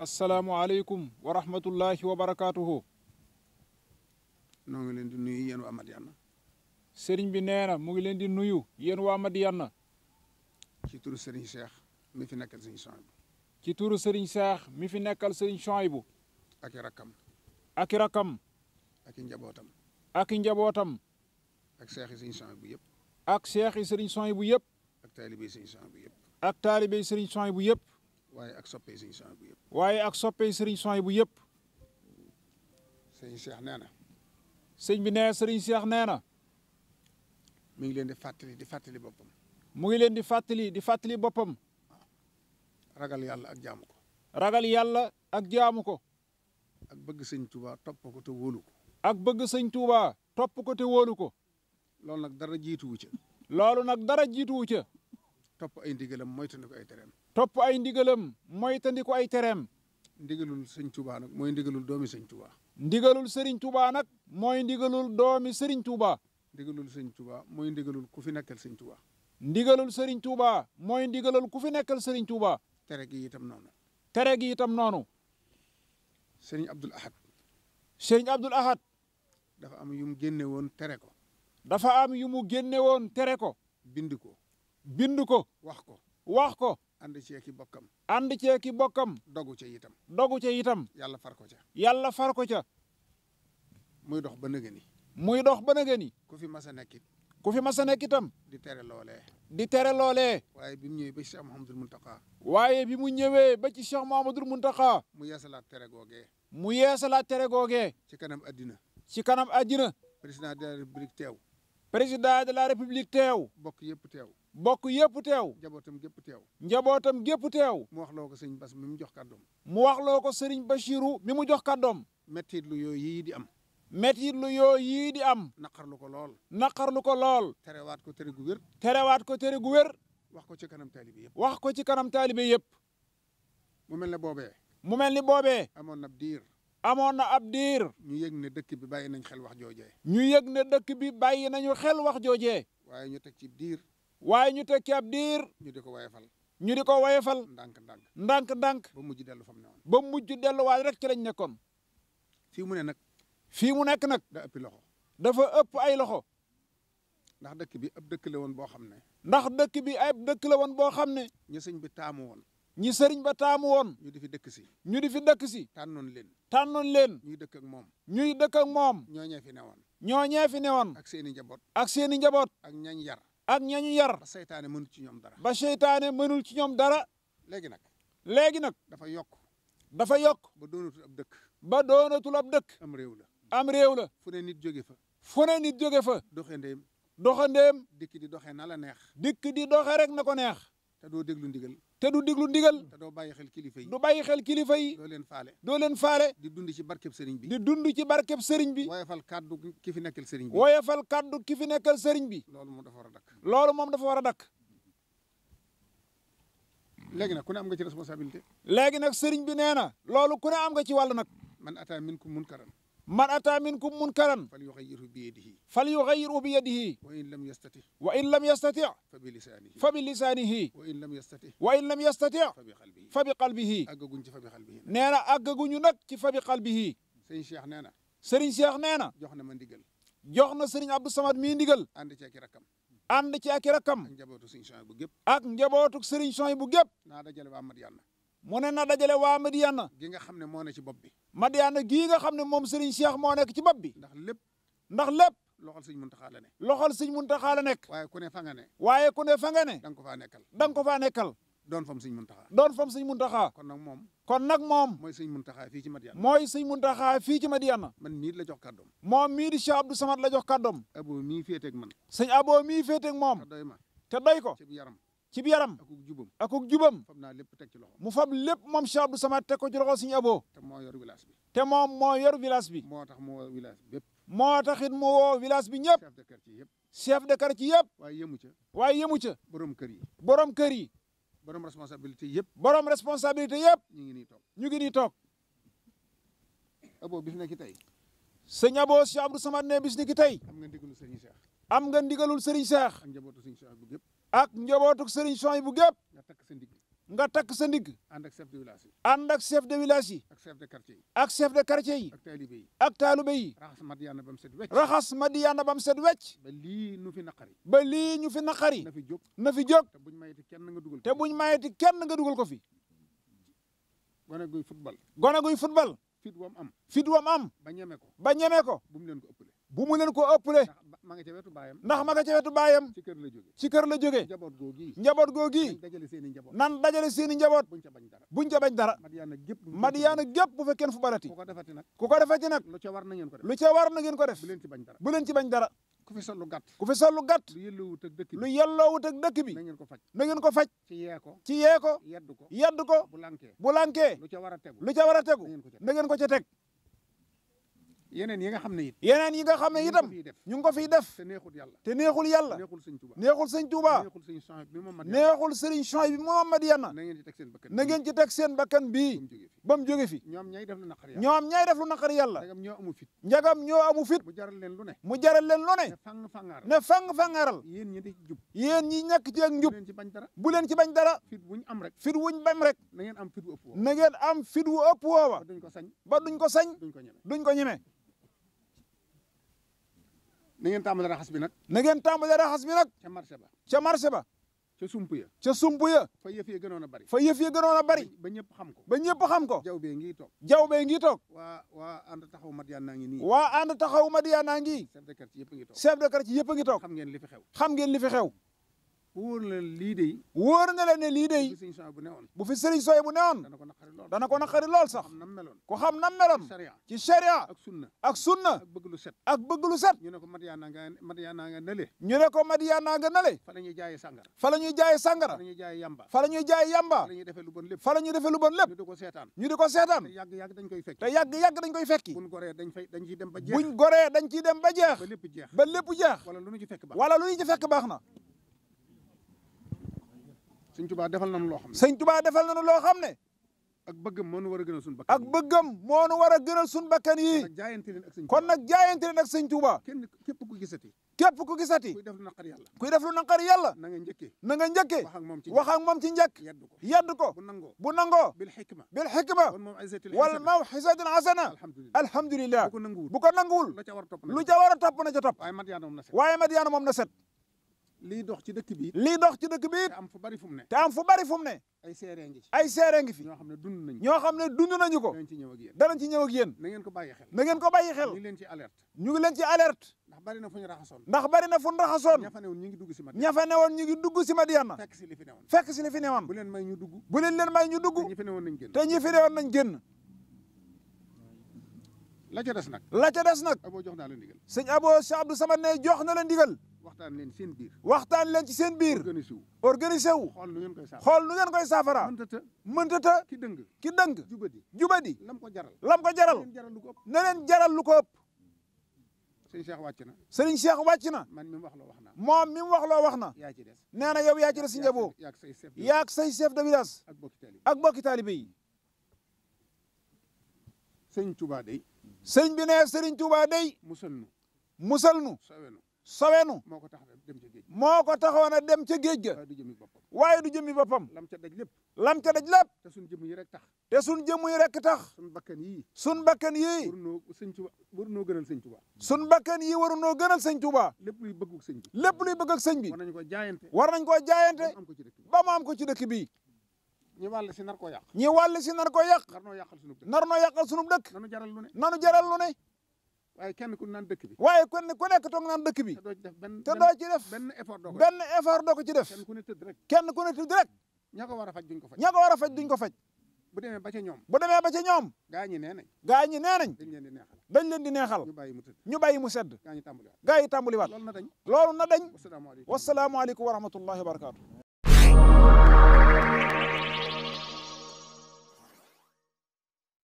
asalaamualeykum wa rahmatullahi wa barakaatuhu. ngi leen di nuyu yéen waa Madiana. sëriñ bi nee na mu ngi leen di nuyu yéen waa Madiana. ci turu sëriñ Cheikh mi fi nekkal sëriñ Souhaïbou. ci tur sëriñ Cheikh mi fi nekkal seriñ Souhaïbou. ak i rakkam. ak i rakkam. ak i njabootam. ak i njabootam. ak seexi sëriñ Souhaïbou yëpp. ak seexi sëriñ Souhaïbou yëpp. ak taalibe sëriñ Souhaïbou yëpp. ak taalibe sëriñ Souhaïbou yëpp. waaye ak soppey sëriñ son bu yëpp. waaye ak soppey sëriñ son bu yëpp. sëriñ Cheikh nee na. sëñ bi nee sëriñ Cheikh nee na. mi ngi leen di fàttali di fàttali boppam. mu ngi leen di fàttali di fàttali boppam. ragal yàlla ak jaamu ko. ragal yàlla ak jaamu ko. ak bëgg sëñ Touba topp ko te wóolu ko. ak bëgg sëñ Touba topp ko te loolu nag dara jiituwu ca. loolu nag dara jiituwu ca. topp ay ndigalam moytu na ko ay tereem. topp ay ndigalam moytandiku ay tereem. ndigalul sëñ Touba nag mooy ndigalul doomi sëñ Touba. ndigalul sëriñ Touba nag mooy ndigalul doomi sëriñ Touba. ndigalul sëñ Touba mooy ndigalul ku fi nekkal sëñ Touba. sëriñ Touba mooy ndigalul ku fi nekkal sëriñ Touba. tere gi itam noonu. tere gi itam noonu. sëriñ Abdul Ahad. sëriñ Abdul Ahad. dafa am yu mu génne woon tere ko. dafa am yu mu génne woon tere ko. bind ko. bind ko wax ko. wax ko. ànd cee ki bokkam. ànd cee ki bokkam. dogu ca itam. dogu ca itam. yàlla far ko ca. yàlla far ko ca. muy dox ba nëgë ni. muy dox ba nëgë ni. ku fi mas a ku fi mas nekk itam. di tere loolee. di tere loole waaye bi mu ñëwee ba ci Cheikh Mouhamadul Mountakha. waaye bi mu ñëwee ba ci Cheikh Mouhamadul Mountakha. mu yesa tere googee. mu yeesalaat tere googee. ci kanam addina. ci kanam addina. président de la république teew. président de la république teew. bokk yëpp teew. bokk yëpp tew njabootam gépp teew. njabootam gépp teew. mu wax loo ko sëriñ Bas mi mu jox kàddoom. mu wax loo ko sëriñ Bachiru mi mu jox kàddoom. mettit lu yooyu yii di am. mettit lu yooyu yii di am. naqarlu ko lool. naqarlu ko lool. terewaat ko tere gu wér. terewaat ko tere gu wér. wax ko ci kanam taalibe yëpp. wax ko ci kanam taalibe yëpp. mu mel ne boobe mu mel ni boobee. amoon na ab diir. amoon na ab diir. ñu yëg ne dëkk bi bàyyi nañ xel wax joojee. ñu yëg ne dëkk bi bàyyi nañu xel wax jooje waaye ñu teg ci diir. waaye ñu tekki ab diir. ñu di ko wayefal. ñu di ko wayefal. ndànk-ndànk ndànk-ndànk. ba mujj dellu fam mu newoon. ba mujj delluwaay rek ci lañ nekkoon. fii mu ne nag. fii mu nekk nag. da ëpp loxo. dafa ëpp ay loxo. ndax dëkk bi ab dëkk la woon boo xam ne. ndax dëkk bi ab dëkk la woon boo xam ne. ñi sëñ bi taamu woon. ñi sëriñ ba taamu woon. ñu di fi dëkk si. ñu di fi dëkk si. tànnoon leen. tànnoon leen. ñu dëkk ak moom. ñuy dëkk moom. ñoo ñee fi newoon. ñoo ñee fi newoon. ak seen i njaboot. ak seen i njaboot. ak ñañ yar. ak ñu yar. ba seytaane mënul ci ñoom dara. ba seytaane mënul ci ñoom dara. léegi nag. léegi nag. dafa yokk. dafa yokk. ba doonatul ab dëkk. ba doonatul ab dëkk. am réew la. am réew la. fu ne nit jóge fa. fu ne nit jóge fa. doxandeem. doxandeem. dikk di doxee na la neex. dikk di doxee rek na ko neex. te doo déglu ndigal te du déglu ndigal te doo bàyyi xel kilifa yi du bàyyi xel kilifa yi leen faale doo leen faale di dund ci barkeb sëriñ bi di dund ci barkeb sëriñ bi woyofal kàddu ki fi nekkal sëriñ bi woyofal kàddu ki fi nekkal sëriñ bi loolu moom dafa war a dakk loolu moom dafa war a dakk léegi nag ku ne am nga ci responsabilité léegi nag sëriñ bi nee na loolu ku ne am nga ci wàll nag man ataa minkum munkaran man ataa minkum munkaran falyughayyirhu biyadihi falyughayyirhu biyadihi wa in lam yastati wa in lam yastati fa bi lisanihi fa bi lisanihi wa in lam yastati wa in lam yastati fa bi qalbihi àggaguñ ci fa bi qalbihi nee na àggaguñu nag ci fa bi qalbihi sëriñ Cheikh nee na sëriñ Cheikh nee na jox na ma ndigal jox na sëriñ Abdou Samad mii ndigal ànd ci ak rakkam ànd ci ak rakkam ak njabootu sëriñ Cheikh bu gépp ak njabootu sëriñ Cheikh bu gépp naa dajale waa Madiana mu ne na dajale waa Madiyana gi nga xam ne moo ne ci bopp bi Madiyana gii nga xam ne moom Serigne Cheikh moo nekk ci bopp bi ndax lépp ndax lépp loxol sëñ Muntaxa la ne loxol sëñ mun la nekk waaye ku ne fa nga ne waaye ku ne fa nga ne da nga ko faa nekkal da nga ko faa nekkal doon fam sëñ Muntaxa doon fam sëñ Muntaxa kon nag moom kon nag moom mooy sëñ Muntaxa fii ci Madiyana mooy sëñ Muntaxa fii ci Madiyana man mii la jox kàddoom moom mii di Cheikh la jox kàddoom abo mii féeteeg man sëñ abo mii féeteeg moom te doy ko ci yaram cib yaram akuk jubam akuk jubam fab naa lépp teg ci loxo mu fab lépp moom Cheikh Abdou Samad teg ko ci loxo suñu aboo te moo yor village bi te moom moo yor village bi moo tax mu woo village bi yëpp moo tax it mu woo village bi ñëpp de quartier yëpp chef de quartier yëpp waaye yëmu ca waaye yëmu ca borom kër yi borom kër yi borom responsabilité yëpp borom responsabilité yëpp ñu ngi nii toog ñu ngi nii toog aboo bis na ki tey sëñ aboo Cheikh Abdou Samad ne bis ni ki tey am nga ndigalul sëriñ Cheikh am nga ndigalul sëriñ Cheikh ak njabootu sëriñ Cheikh yëpp ak njabootuk sëriñ Soy bu gépp nga takk sa ndigg nga takk sa ndigg ànd ak chef de village yi ànd ak chef de village ak chef de quartier yi ak chef de quartier yi ak taalibe yi ak taalibe yi raxas Madiyaana ba mu set wecc raxas Madiyaana ba mu set wecc ba lii na fi jóg na fi jóg te buñ mayeti kenn nga dugal te buñ mayeti kenn nga dugal ko fi gone guy football gone guy football fit wam am fit wam am ba ñeme ko ba ñeme ko bu leen ko ëppale bu mu ko ma nga ca wetu baayam ndax ma nga ca wetu baayam ci kër la jóge ci kër la jóge njaboot googi njaboot nan dajale seen njaboot nan dajale dara buñ ca bu fekkee fu barati ku ko defati nag ku lu ca war na ngeen ko def lu ca war ko def bu leen ci bañ dara bu leen ci bañ dara ku fi sol lu gàtt ku lu gàtt lu yelloowut ak bi na ngeen ko faj na ngeen ko faj ci yee ko ci yee ko yedd bu lankee bu lankee lu ca war a tegu lu ca war a tegu na ngeen ko ca teg yeneen yi nga xam ne it yeneen yi nga xam ne itam ñu ngi ko fiy def te neexul yàlla te neexul yàlla neexul sëñ Tuuba neexul sëñ Tuuba neexul sëriñ Suhaybu bi Muhammad yanna na ngeen ci teg seen bakkan na ngeen ci teg seen bakkan bii ba mu fi ñoom ñay def lu naqari yàlla ñoom ñay def lu naqari yàlla njagam ñoo amu fit njagam ñoo amu fit mu jaral leen lu ne mu jaral leen lu ne ne fang fangaral yéen ñi di jub yéen ñi ñàkk ci ak njub bu leen ci bañ dara fit wuñ am rek fit wuñ bam rek na am fit wu ëpp woowa na am fit wu ëpp woowa ba duñ ko sañ ba duñ ko sañ duñ ko ñeme na ngeen tàmbale raxas bi nag na ngeen tàmbale raxas bi nag ca marché ba ca marché ba ca fa yëf ya gënoon a bari fa yëf ya gënoon a bari ba ñëpp xam ko ba ñëpp xam ko jaw bee ngi toog jaw bee ngi toog waa waa ànd taxaw Madiyana ngi nii waa ànd taxaw Madiyana ngi chef de quartier yëpp a ngi toog chef de quartier yëpp ngi toog xam ngeen li fi xew xam ngeen li fi xew wóor na lii de wóor na la ne lii de bu fi sëriñ sooy bu newoon dana ko naqari lool sax ko xam nam meloon ci sharia ak sunna ak sunna ak bëgg lu set ak bëgg lu set ñu ne ko madiyaana nga madiyaana nga nale ñu ne ko madiyaana nga nale fa la ñuy jaaye sàngara fa la ñuy fa la ñuy jaaye yamba fa la ñuy jaaye yamba fa la ñuy defee lu bon lépp fa la ñuy defee lu bon lépp ñu di ko seetaan ñu di ko seetaan te yàgg yàgg dañ koy fekki te yàgg yàgg dañ koy fekki buñ goree dañ fay dañ ciy dem ba jeex buñ goree dañ ciy dem ba jeex ba jeex wala lu ñu ci fekk baax na sëñ Tuubaa defal nañu loo xam ne. sëñ Tuubaa defal nañu loo ak bëggam moo nu war a gënal suñu bakkan ak bëggam moo nu war a gënal suñu bakkan yi kon nag jaayante leen ak sëñ Tuubaa kenn képp ku gisati képp ku gisati kuy def lu naqar yàlla kuy def lu naqar yàlla na nga njëkkee na nga njëkkee wax ak moom ci njëkk yedd ko yedd ko bu nangoo bu nangoo bil xikma bil xikma wal mawxisatin xasana alhamdulillah bu ko nanguwul lu ca war a topp na ca topp waaye mat yaana moom na set li dox ci dëkk bi lii dox ci dëkk bi te am fu bari fu ne am fu bari fu mu ne ay seere ngi fi ñoo xam ne dundu nañu ñoo xam ne dund nañu ko danañ ci ñëw ak yéen danañ ci ñëw ak yéen na ngeen ko bàyyi xel na ngeen ko bàyyi xel ñu ngi leen ci alerte ñu ngi ndax bari na fu ñu raxasoon ndax bari na fu ñu raxasoon ñafa ne woon ñu ngi dugg si Madiana ñafa ne woon ñu ngi dugg si Madiana fekk si li fi newoon fekk si li fi newoon bu leen may leen leen ñu dugg ñi fi newoon nañ génn te ñi la ca des nag la ca des nag aboo jox naa la ndigal sëñ aboo si Abdou Samad ne jox na la ndigal waxtaan leen seen biir. waxtaan leen ci seen biir. organisé wu organisé wu. xool nu ngeen koy saafara xool nu ngeen koy saafara. mënta ta mënta ta ki dëng. ki dëng jubadi jubadi. lam ko jaral lam ko jaral. na leen jaral lu ko ëpp. sëriñ Cheikh wàcc na. sëriñ Cheikh wàcc na. man mi mu wax loo wax na. moom mi wax loo wax na. yaa ci des nee na yow yaa ci des si njaboo. yaa say chef de yaa say chef de village. ak bokki taalibe ak bokki taalibe yi. sëriñ Touba sëriñ bi sëriñ Touba day. musal musal nu. nu sowenu moo ko tax a dem ca géej moo ko taxawoon a dem ca géej ga waaye du jëmmi boppam lam ca daj lépp lam ca daj lépp te suñ jëmm yi rek tax te suñ jëmm yi rek tax suñ bakkan yii suñ bakkan yii warunoo sëñ Tuba warunoo gënal sëñ Tuba suñ bakkan yii warunoo gënal sëñ Tuba lépp luy bëgg ak sëñ bi lépp luy bëgg ak sëñ nañ ko jaayante war nañ koo jaayante ba mu am ko ci dëkk bii ñi wàll si nar koo yàq ñi wàll si nar koo yàq nar noo yàqal sunub dëkk nanu jaral lu ne jaral lu waaye kenn ku naan dëkk bi. waaye kenn ku nekk toog naan dëkk bi. te doo def benn benn effort doo def kenn ku ne tëdd rek. kenn ku ne tëdd rek. ña a faj duñ ko faj. a faj duñ ko faj. bu demee ba ñoom. bu demee ba nee nañ. gaa ñi nee nañ. dañ leen di neexal. dañ leen di neexal. ñu bàyyi mu tëdd. mu sedd. gaa ñi tàmbaliwaat. gaa ñi tàmbaliwaat. loolu na dañ. loolu na dañ. wasalaamaaleykum wa rahmatullahi wa